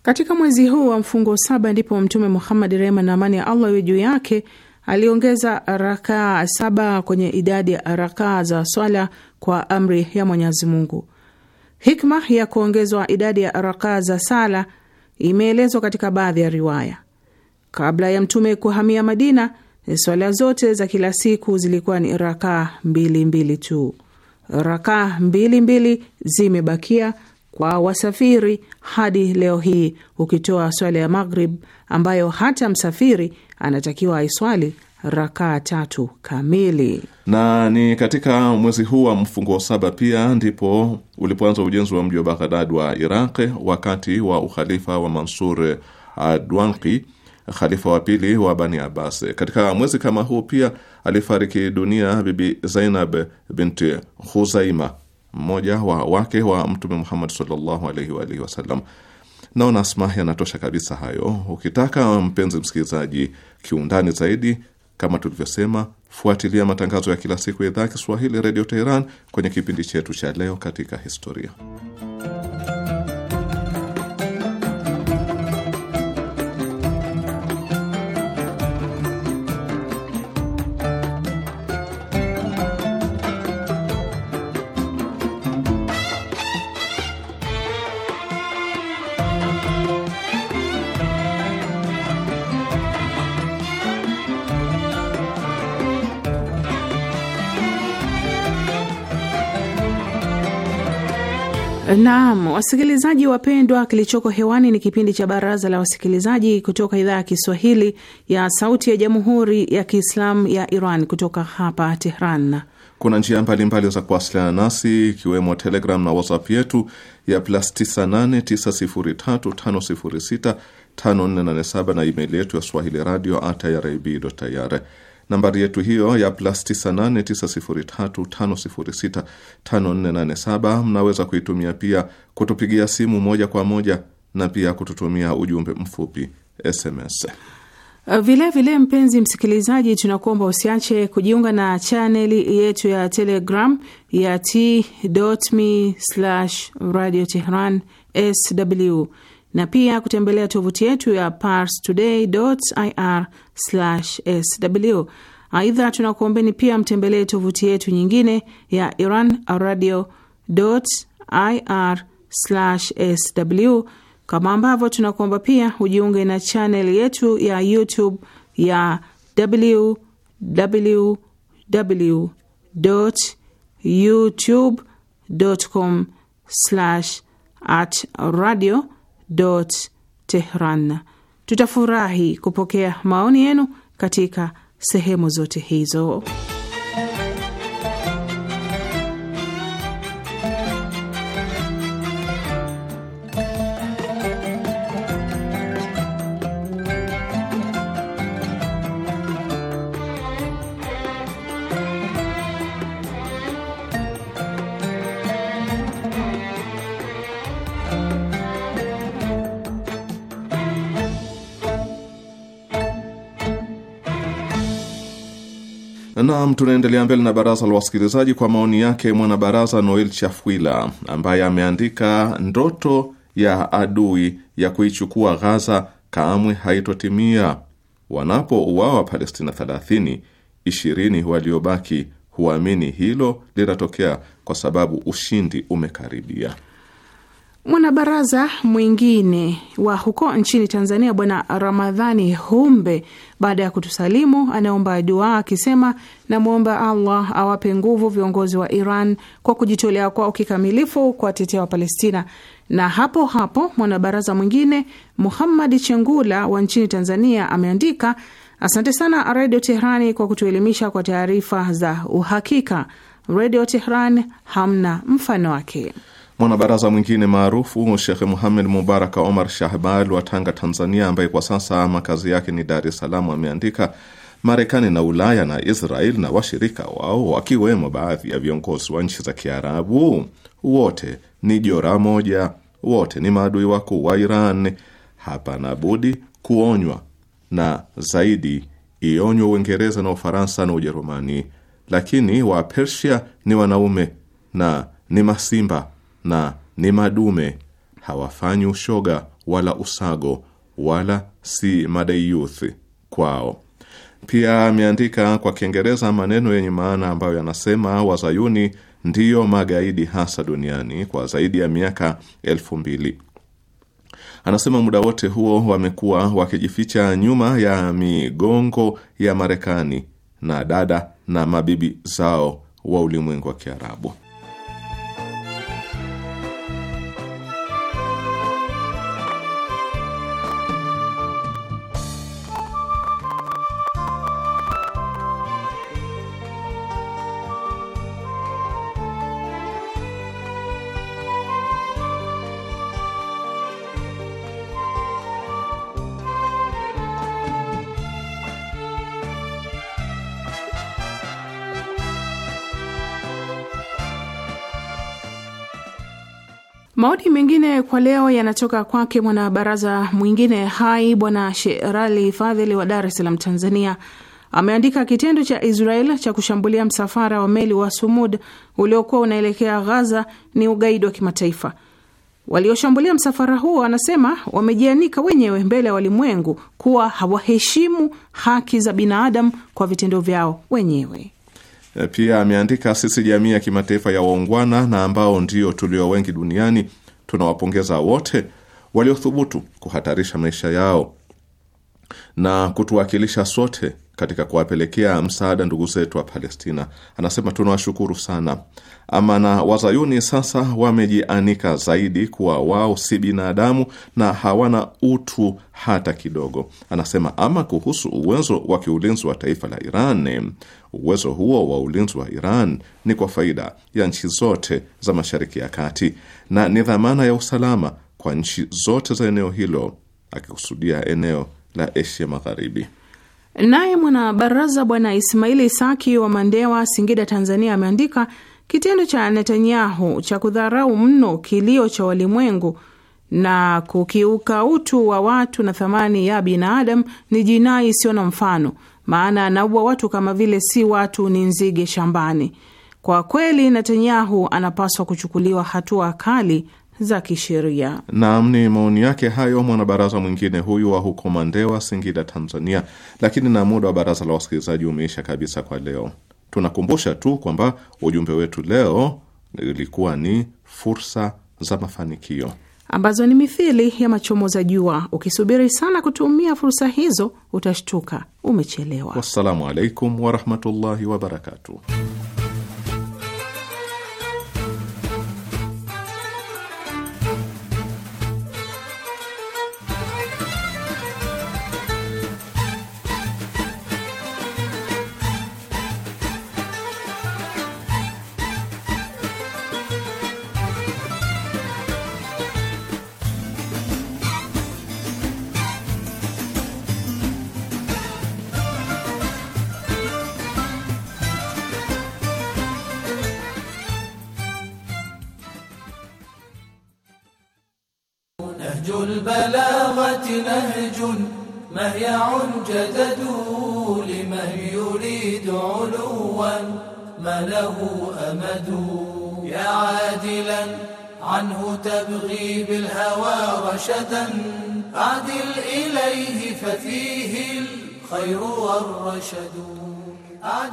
[SPEAKER 4] Katika mwezi huu wa mfungo saba ndipo Mtume Muhammad, rehma na amani ya Allah iwe juu yake, aliongeza rakaa saba kwenye idadi ya rakaa za swala kwa amri ya Mwenyezi Mungu. Hikma ya kuongezwa idadi ya rakaa za sala imeelezwa katika baadhi ya riwaya. Kabla ya Mtume kuhamia Madina, Eh, swala zote za kila siku zilikuwa ni rakaa mbili mbili tu. Rakaa mbili mbili zimebakia kwa wasafiri hadi leo hii, ukitoa swala ya Maghrib ambayo hata msafiri anatakiwa aiswali rakaa tatu kamili.
[SPEAKER 5] Na ni katika mwezi huu wa mfungo saba pia ndipo ulipoanza ujenzi wa mji wa Baghdad wa Iraq wakati wa ukhalifa wa Mansur Adwanqi khalifa wa pili wa Bani Abbas. Katika mwezi kama huu pia alifariki dunia Bibi Zainab binti khuzaima mmoja wa wake wa Mtume Muhammad sallallahu alaihi wa alihi wasallam. Naona Asma yanatosha kabisa hayo. Ukitaka mpenzi msikilizaji, kiundani zaidi, kama tulivyosema, fuatilia matangazo ya kila siku ya idhaa ya Kiswahili Redio Teheran kwenye kipindi chetu cha leo katika historia
[SPEAKER 4] Naam, wasikilizaji wapendwa, kilichoko hewani ni kipindi cha Baraza la Wasikilizaji kutoka idhaa ya Kiswahili ya Sauti ya Jamhuri ya Kiislamu ya Iran kutoka hapa Tehran.
[SPEAKER 5] Kuna njia mbalimbali za kuwasiliana nasi ikiwemo Telegram na WhatsApp yetu ya plus 989035065487 na email yetu ya swahili radio at irib.ir. Nambari yetu hiyo ya plus 989035065487 mnaweza kuitumia pia kutupigia simu moja kwa moja na pia kututumia ujumbe mfupi SMS.
[SPEAKER 4] Uh, Vilevile vile, mpenzi msikilizaji, tunakuomba usiache kujiunga na chaneli yetu ya Telegram ya t.me radio Tehran sw na pia kutembelea tovuti yetu ya parstoday.ir/sw. Aidha, tunakuombeni pia mtembelee tovuti yetu nyingine ya iran ir sw kama ambavyo tunakuomba pia ujiunge na chaneli yetu ya YouTube ya www at radio Tehran. Tutafurahi kupokea maoni yenu katika sehemu zote hizo.
[SPEAKER 5] Naam, tunaendelea mbele na baraza la wasikilizaji kwa maoni yake mwanabaraza Noel Chafwila ambaye ameandika, ndoto ya adui ya kuichukua Ghaza kamwe haitotimia. Wanapouawa Palestina 30 20 waliobaki huamini hilo litatokea kwa sababu ushindi umekaribia.
[SPEAKER 4] Mwanabaraza mwingine wa huko nchini Tanzania, Bwana Ramadhani Humbe, baada ya kutusalimu, anaomba dua akisema, namwomba Allah awape nguvu viongozi wa Iran kwa kujitolea kwao kikamilifu kuwatetea Wapalestina. Na hapo hapo mwanabaraza mwingine muhammadi Chengula wa nchini Tanzania ameandika, asante sana Redio Teherani kwa kutuelimisha kwa taarifa za uhakika. Redio Teherani hamna mfano wake.
[SPEAKER 5] Mwanabaraza mwingine maarufu Shekhe Muhamed Mubaraka Omar Shahbal wa Tanga, Tanzania, ambaye kwa sasa makazi yake ni Dar es Salaam, ameandika Marekani na Ulaya na Israel na washirika wao wakiwemo baadhi ya viongozi wa nchi za Kiarabu wote ni jora moja, wote ni maadui wakuu wa Iran. Hapana budi kuonywa na zaidi ionywe Uingereza na Ufaransa na Ujerumani, lakini Wapersia ni wanaume na ni masimba na ni madume, hawafanyi ushoga wala usago wala si madeyuthi kwao. Pia ameandika kwa Kiingereza maneno yenye maana ambayo yanasema wazayuni ndiyo magaidi hasa duniani kwa zaidi ya miaka elfu mbili. Anasema muda wote huo wamekuwa wakijificha nyuma ya migongo ya Marekani na dada na mabibi zao wa ulimwengu wa Kiarabu.
[SPEAKER 4] Maoni mengine kwa leo yanatoka kwake mwanabaraza mwingine hai Bwana Sherali Fadhili wa Dar es Salaam, Tanzania. Ameandika, kitendo cha Israel cha kushambulia msafara wa meli wa Sumud uliokuwa unaelekea Ghaza ni ugaidi wa kimataifa. Walioshambulia msafara huo wanasema wamejianika wenyewe mbele ya walimwengu kuwa hawaheshimu haki za binadamu kwa vitendo vyao wenyewe.
[SPEAKER 5] Eh, pia ameandika sisi, jamii ya kimataifa ya waungwana na ambao ndio tulio wengi duniani, tunawapongeza wote waliothubutu kuhatarisha maisha yao na kutuwakilisha sote katika kuwapelekea msaada ndugu zetu wa Palestina. Anasema tunawashukuru sana. Ama na wazayuni sasa wamejianika zaidi kuwa wao si binadamu na hawana utu hata kidogo. Anasema ama kuhusu uwezo wa kiulinzi wa taifa la Iran Uwezo huo wa ulinzi wa Iran ni kwa faida ya nchi zote za Mashariki ya Kati na ni dhamana ya usalama kwa nchi zote za eneo hilo, akikusudia eneo la Asia Magharibi.
[SPEAKER 4] Naye mwanabaraza Bwana Ismaili Isaki wa Mandewa, Singida, Tanzania, ameandika kitendo cha Netanyahu cha kudharau mno kilio cha walimwengu na kukiuka utu wa watu na thamani ya binadamu ni jinai isiyo na mfano maana anaua watu kama vile si watu, ni nzige shambani. Kwa kweli Netanyahu anapaswa kuchukuliwa hatua kali za kisheria.
[SPEAKER 5] Naam, ni maoni yake hayo mwanabaraza mwingine huyu wa huko Mandewa, Singida, Tanzania. Lakini na muda wa baraza la wasikilizaji umeisha kabisa kwa leo. Tunakumbusha tu kwamba ujumbe wetu leo ilikuwa ni fursa za mafanikio
[SPEAKER 4] ambazo ni mithili ya machomoza jua. Ukisubiri sana kutumia fursa hizo, utashtuka umechelewa.
[SPEAKER 5] Wassalamu alaikum warahmatullahi wabarakatuh.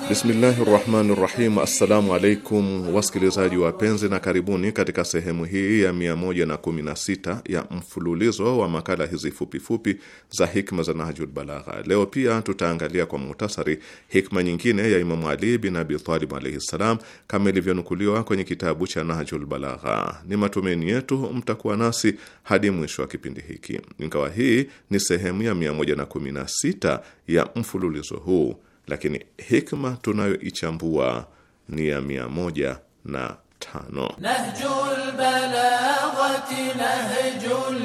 [SPEAKER 5] Bismillahi rahmani rahim. Assalamu alaikum wasikilizaji wapenzi, na karibuni katika sehemu hii ya 116 ya mfululizo wa makala hizi fupifupi za hikma za Nahjul Balagha. Leo pia tutaangalia kwa muhtasari hikma nyingine ya Imamu Ali bin Abi Talib alaihi ssalam, kama ilivyonukuliwa kwenye kitabu cha Nahjul Balagha. Ni matumaini yetu mtakuwa nasi hadi mwisho wa kipindi hiki, ingawa hii ni sehemu ya 116 ya mfululizo huu. lakini hikma tunayoichambua ni ya mia moja na tano. Nahjul
[SPEAKER 2] balaghati nahjul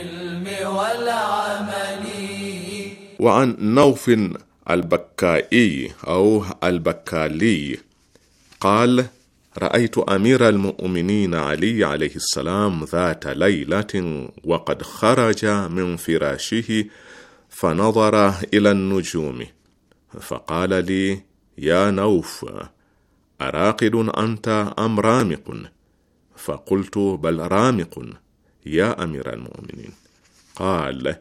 [SPEAKER 2] ilmi wal amali
[SPEAKER 5] wa an Naufin al-Bakkai au al-Bakkali qal Raaitu amira almuminin Ali alayhi salam dhata lailatin wa kharaja min firashihi fanadhara ila nujumi فقال لي يا نوف اراقد انت ام رامق فقلت بل رامق يا امير المؤمنين قال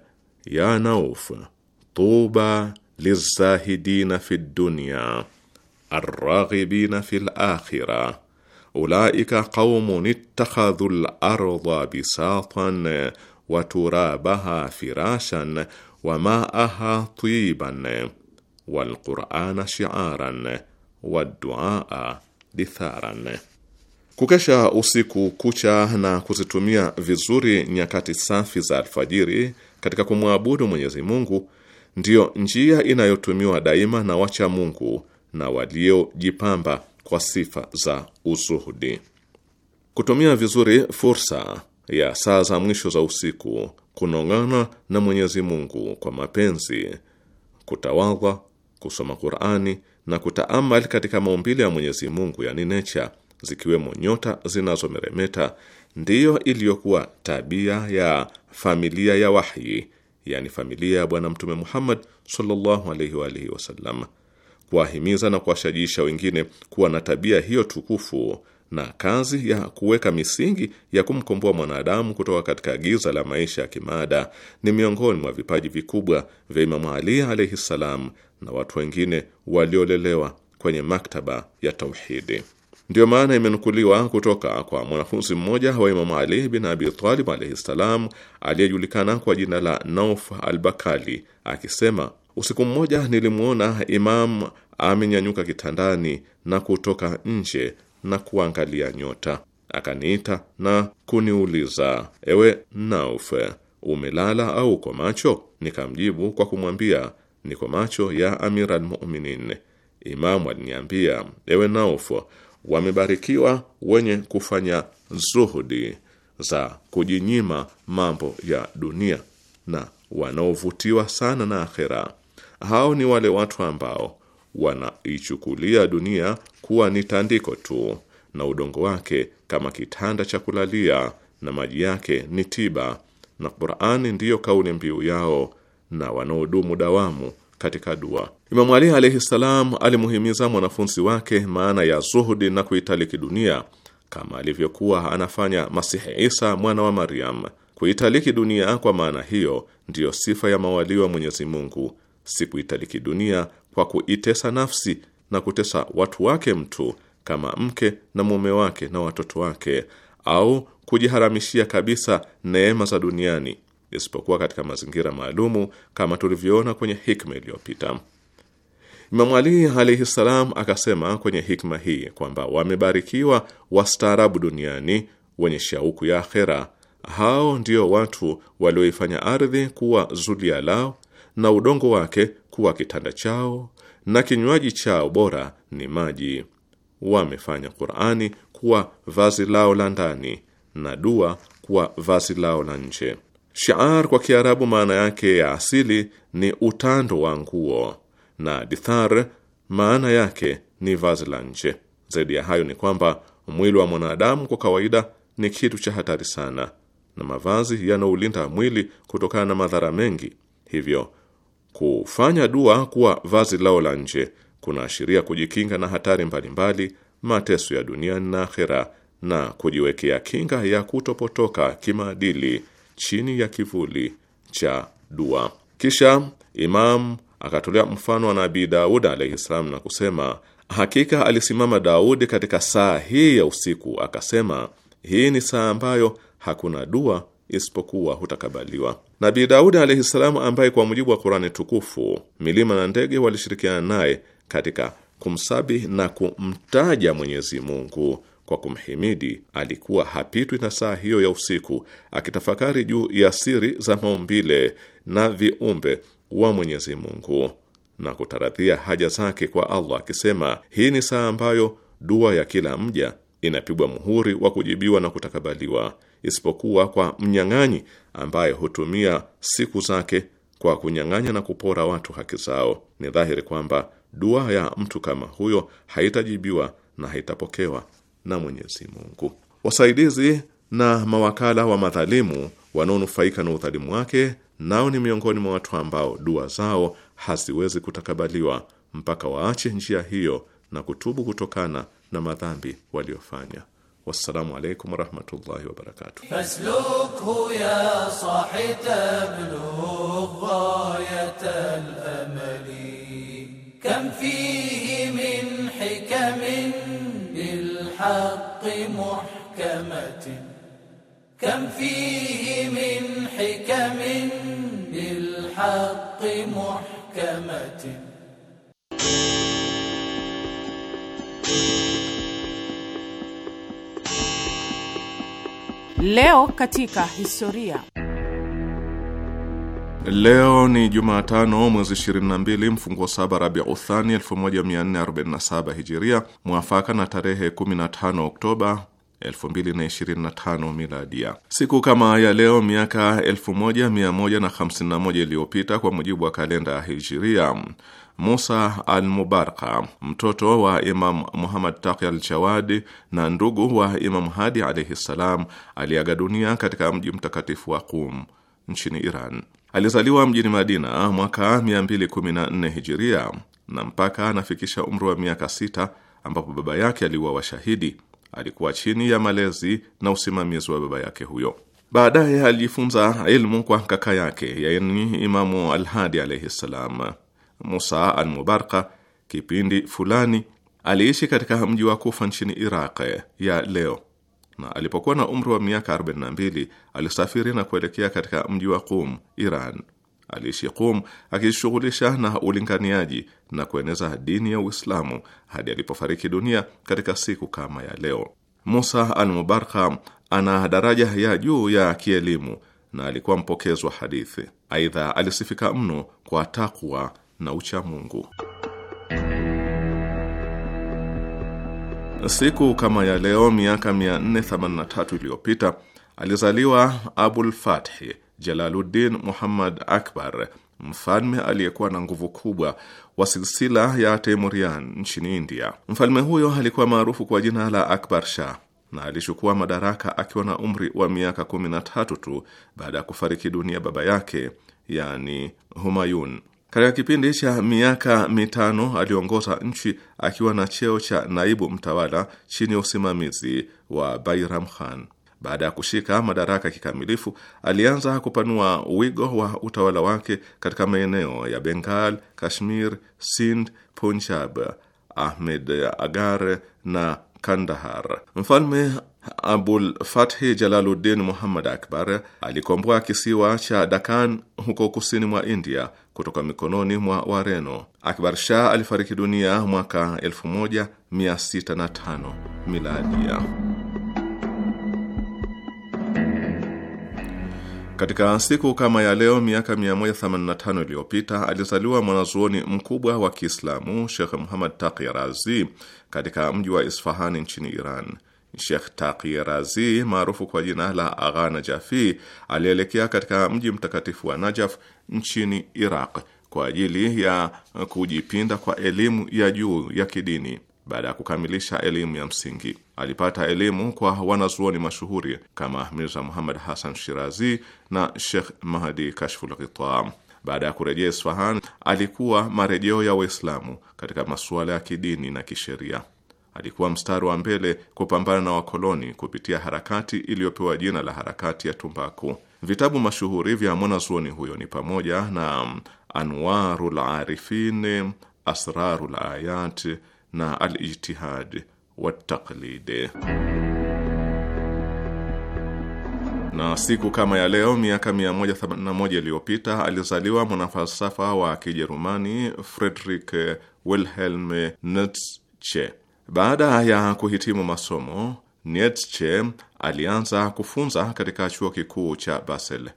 [SPEAKER 5] يا نوف طوبى للزاهدين في الدنيا الراغبين في الاخره اولئك قوم اتخذوا الارض بساطا وترابها فراشا وماءها طيبا walqurana shiaran waduaa ditharan, kukesha usiku kucha na kuzitumia vizuri nyakati safi za alfajiri katika kumwabudu Mwenyezi Mungu ndiyo njia inayotumiwa daima na wacha Mungu na waliojipamba kwa sifa za usuhudi. Kutumia vizuri fursa ya saa za mwisho za usiku, kunong'ana na Mwenyezi Mungu kwa mapenzi, kutawadha kusoma Qur'ani na kutaamal katika maumbile ya Mwenyezi Mungu, yani nature, zikiwemo nyota zinazomeremeta, ndiyo iliyokuwa tabia ya familia ya wahyi, yani familia ya Bwana Mtume Muhammad sallallahu alaihi wa alihi wasallam. Kuwahimiza na kuwashajiisha wengine kuwa na tabia hiyo tukufu na kazi ya kuweka misingi ya kumkomboa mwanadamu kutoka katika giza la maisha ya kimaada ni miongoni mwa vipaji vikubwa vya Imamu Ali alaihi ssalam na watu wengine waliolelewa kwenye maktaba ya tauhidi. Ndiyo maana imenukuliwa kutoka kwa mwanafunzi mmoja wa Imamu Ali bin Abi Talib alaihi ssalam, aliyejulikana kwa jina la Nauf al Bakali akisema, usiku mmoja nilimwona imamu amenyanyuka kitandani na kutoka nje na kuangalia nyota. Akaniita na kuniuliza, ewe Nauf, umelala au uko macho? Nikamjibu kwa kumwambia ni kwa macho ya Amir al-Mu'minin. Imamu aliniambia, ewe Naufu, wamebarikiwa wenye kufanya zuhudi za kujinyima mambo ya dunia na wanaovutiwa sana na akhera. Hao ni wale watu ambao wanaichukulia dunia kuwa ni tandiko tu na udongo wake kama kitanda cha kulalia na maji yake ni tiba, na Qur'ani ndiyo kauli mbiu yao na wanaodumu dawamu katika dua. Imamu Ali alaihi ssalam alimuhimiza mwanafunzi wake maana ya zuhudi na kuitaliki dunia kama alivyokuwa anafanya Masihi Isa mwana wa Maryam. Kuitaliki dunia kwa maana hiyo ndiyo sifa ya mawalii wa Mwenyezi Mungu, si kuitaliki dunia kwa kuitesa nafsi na kutesa watu wake, mtu kama mke na mume wake na watoto wake, au kujiharamishia kabisa neema za duniani isipokuwa katika mazingira maalumu kama tulivyoona kwenye hikma iliyopita. Imam Ali alaihi ssalam akasema kwenye hikma hii kwamba wamebarikiwa wastaarabu duniani wenye shauku ya akhera. Hao ndio watu walioifanya ardhi kuwa zulia lao na udongo wake kuwa kitanda chao na kinywaji chao bora ni maji. Wamefanya Qur'ani kuwa vazi lao la ndani na dua kuwa vazi lao la nje shaar kwa Kiarabu maana yake ya asili ni utando wa nguo na dithar maana yake ni vazi la nje. Zaidi ya hayo ni kwamba mwili wa mwanadamu kwa kawaida ni kitu cha hatari sana, na mavazi yanaulinda mwili kutokana na madhara mengi. Hivyo kufanya dua kuwa vazi lao la nje kunaashiria kujikinga na hatari mbalimbali, mateso ya duniani na akhera, na kujiwekea kinga ya kutopotoka kimaadili chini ya kivuli cha dua. Kisha Imam akatolea mfano wa Nabii Daud alaihi salam na kusema, hakika alisimama Daudi katika saa hii ya usiku akasema, hii ni saa ambayo hakuna dua isipokuwa hutakabaliwa. Nabii Daudi alaihi salamu, ambaye kwa mujibu wa Kurani tukufu milima na ndege walishirikiana naye katika kumsabi na kumtaja Mwenyezi Mungu kwa kumhimidi. Alikuwa hapitwi na saa hiyo ya usiku akitafakari juu ya siri za maumbile na viumbe wa Mwenyezi Mungu na kutaradhia haja zake kwa Allah akisema, hii ni saa ambayo dua ya kila mja inapigwa muhuri wa kujibiwa na kutakabaliwa, isipokuwa kwa mnyang'anyi ambaye hutumia siku zake kwa kunyang'anya na kupora watu haki zao. Ni dhahiri kwamba dua ya mtu kama huyo haitajibiwa na haitapokewa na Mwenyezi Mungu. Wasaidizi na mawakala wa madhalimu wanaonufaika na udhalimu wake nao ni miongoni mwa watu ambao dua zao haziwezi kutakabaliwa mpaka waache njia hiyo na kutubu kutokana na madhambi waliofanya. Wassalamu alaikum warahmatullahi wabarakatuh.
[SPEAKER 6] الحق محكمة كم فيه من حكم بالحق محكمة
[SPEAKER 4] Leo katika historia.
[SPEAKER 5] Leo ni Jumatano, mwezi 22 mfunguo saba Rabia Uthani 1447 Hijiria, mwafaka na tarehe 15 Oktoba 2025 miladia. Siku kama ya leo miaka 1151 iliyopita kwa mujibu wa kalenda ya Hijiria, Musa al Mubarka, mtoto wa Imam Muhammad Taqi al-Jawadi na ndugu wa Imam Hadi alaihi ssalam, aliaga dunia katika mji mtakatifu wa Qum nchini Iran. Alizaliwa mjini Madina mwaka 214 hijiria na mpaka anafikisha umri wa miaka sita ambapo baba yake aliuwa washahidi alikuwa chini ya malezi na usimamizi wa baba yake huyo. Baadaye alijifunza ilmu kwa kaka yake, yaani Imamu Alhadi alaihi ssalam. Musa Almubarka kipindi fulani aliishi katika mji wa Kufa nchini Iraq ya leo na alipokuwa na umri wa miaka 42 alisafiri na kuelekea katika mji wa Qum, Iran. Aliishi Qum akishughulisha na ulinganiaji na kueneza dini ya Uislamu hadi alipofariki dunia katika siku kama ya leo. Musa al-Mubarka ana daraja ya juu ya kielimu na alikuwa mpokezi wa hadithi. Aidha, alisifika mno kwa takwa na uchamungu. Siku kama ya leo miaka 483 iliyopita alizaliwa Abul Fathi Jalaluddin Muhammad Akbar, mfalme aliyekuwa na nguvu kubwa wa silsila ya Temurian nchini India. Mfalme huyo alikuwa maarufu kwa jina la Akbar Shah na alichukua madaraka akiwa na umri wa miaka 13 tu baada ya kufariki dunia baba yake, yani Humayun. Katika kipindi cha miaka mitano aliongoza nchi akiwa na cheo cha naibu mtawala chini ya usimamizi wa Bairam Khan. Baada ya kushika madaraka kikamilifu, alianza kupanua wigo wa utawala wake katika maeneo ya Bengal, Kashmir, Sind, Punjab, Ahmed Agar na Kandahar. Mfalme Abul Fathi Jalaluddin Muhammad Akbar alikomboa kisiwa cha Dakan huko kusini mwa India kutoka mikononi mwa Wareno. Akbar Shah alifariki dunia mwaka 1605 miladia. Katika siku kama ya leo miaka 185 iliyopita alizaliwa mwanazuoni mkubwa wa Kiislamu Shekh Muhammad Taqi Razi katika mji wa Isfahani nchini Iran. Shekh Taqi Razi maarufu kwa jina la Aghana Jafi alielekea katika mji mtakatifu wa Najaf nchini Iraq kwa ajili ya kujipinda kwa elimu ya juu ya kidini. Baada ya kukamilisha elimu ya msingi, alipata elimu kwa wanazuoni mashuhuri kama Mirza Muhammad Hassan Shirazi na Sheikh Mahdi Kashful Ghitam. Baada ya kurejea Isfahan, alikuwa marejeo ya Waislamu katika masuala ya kidini na kisheria. Alikuwa mstari wa mbele kupambana na wakoloni kupitia harakati iliyopewa jina la harakati ya tumbaku. Vitabu mashuhuri vya mwanazuoni huyo ni pamoja na Anwarul Arifin, Asrarul Ayat na alijtihad ijtihad Na siku kama ya leo miaka 181 iliyopita alizaliwa mwanafalsafa wa Kijerumani Friedrich Wilhelm Nietzsche. Baada ya kuhitimu masomo Nietzsche alianza kufunza katika chuo kikuu cha Basel.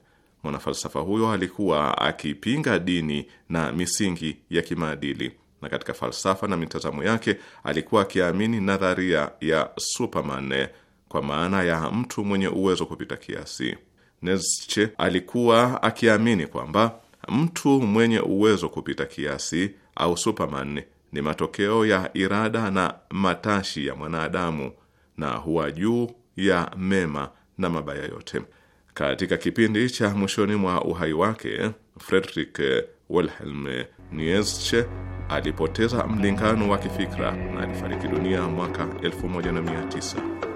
[SPEAKER 5] Mwanafalsafa huyo alikuwa akipinga dini na misingi ya kimaadili, na katika falsafa na mitazamo yake alikuwa akiamini nadharia ya Superman kwa maana ya mtu mwenye uwezo kupita kiasi. Nietzsche alikuwa akiamini kwamba mtu mwenye uwezo kupita kiasi au Superman ni matokeo ya irada na matashi ya mwanadamu na huwa juu ya mema na mabaya yote. Katika kipindi cha mwishoni mwa uhai wake, Friedrich Wilhelm Nietzsche alipoteza mlingano wa kifikra na alifariki dunia mwaka 1900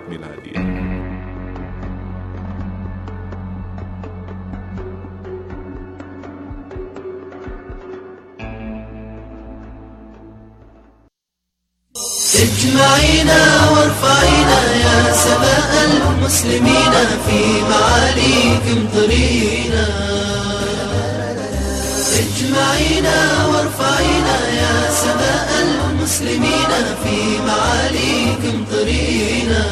[SPEAKER 5] miladi.
[SPEAKER 1] اجمعينا وارفعينا يا سماء المسلمين في معاليك طرينا اجمعينا وارفعينا يا سماء المسلمين في معاليك طرينا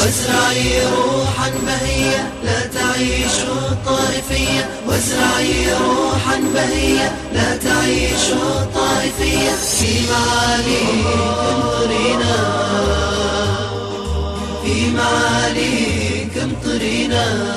[SPEAKER 1] وازرعي روحا بهية لا تعيش الطائفية وازرعي روحا بهية لا تعيش الطائفية في معالي امطرينا في معالي امطرينا